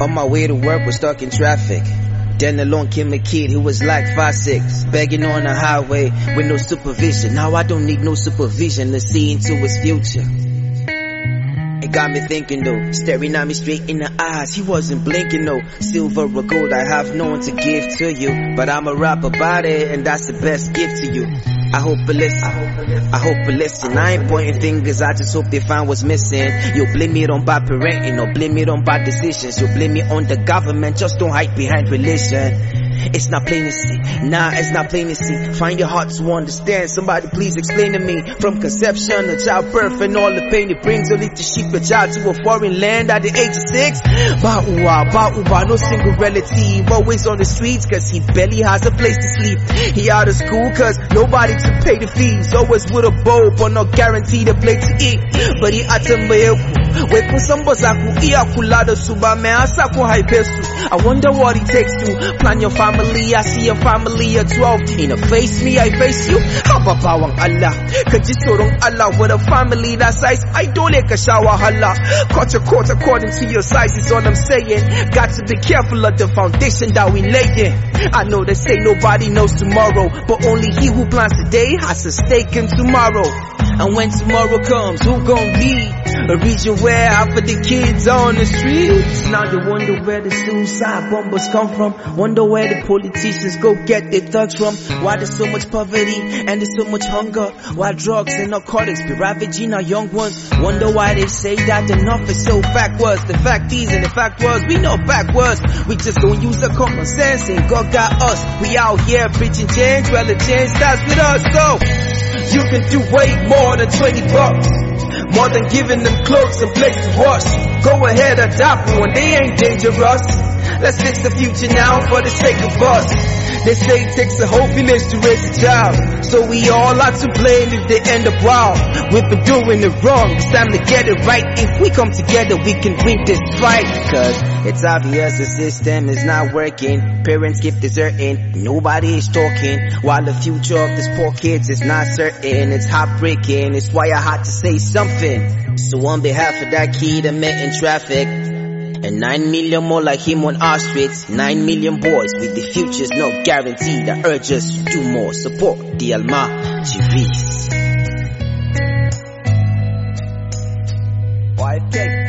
On my way to work was stuck in traffic. Then along came a kid who was like five six, begging on the highway with no supervision. Now I don't need no supervision to see into his future. It got me thinking though, staring at me straight in the eyes. He wasn't blinking though. Silver or gold, I have no one to give to you. But I'm a rap about it, and that's the best gift to you. I hope you listen. I hope you listen. I ain't pointing fingers, I just hope they find what's missing. You blame it on bad parenting or blame it on bad decisions. You blame it on the government, just don't hide behind religion. It's not plain to see. Nah, it's not plain to see. Find your heart to understand. Somebody please explain to me. From conception to childbirth and all the pain it brings. Only to sheep a child to a foreign land at the age of six. Ba'uwa, ba'uwa, no single relative. Always on the streets cause he barely has a place to sleep. He out of school cause nobody to pay the fees. Always with a bow but not guaranteed a plate to eat. But he out to iya ku I wonder what it takes to plan your family I see your family at 12 in a face me I face you haba bawan Allah ka tsoron Allah with a family that size I don't dole a shower wahala cut your court according to your size is all I'm saying got to be careful of the foundation that we laying I know they say nobody knows tomorrow but only he who plans today has a stake in tomorrow and when tomorrow comes who gon' lead a region where half of the kids on the streets. Now you wonder where the suicide bombers come from. Wonder where the politicians go get their thugs from. Why there's so much poverty and there's so much hunger. Why drugs and narcotics be ravaging our young ones. Wonder why they say that enough is so backwards. The fact is and the fact was we know backwards. We just don't use our common sense and God got us. We out here preaching change. Well the change starts with us. So you can do way more than 20 bucks. More than giving them cloaks and places to wash. Go ahead, adopt one, they ain't dangerous. Let's fix the future now for the sake of us. They say it takes a whole village to raise a child. So we all are to blame if they end up wild. We've been doing it wrong, it's time to get it right. If we come together, we can win this fight. Cause it's obvious the system is not working. Parents keep deserting, nobody is talking. While the future of these poor kids is not certain, it's heartbreaking. It's why I had to say something. So on behalf of that kid I met in traffic, and 9 million more like him on our streets. 9 million boys with the futures not guaranteed. I urge us to do more. Support the Alma TVs.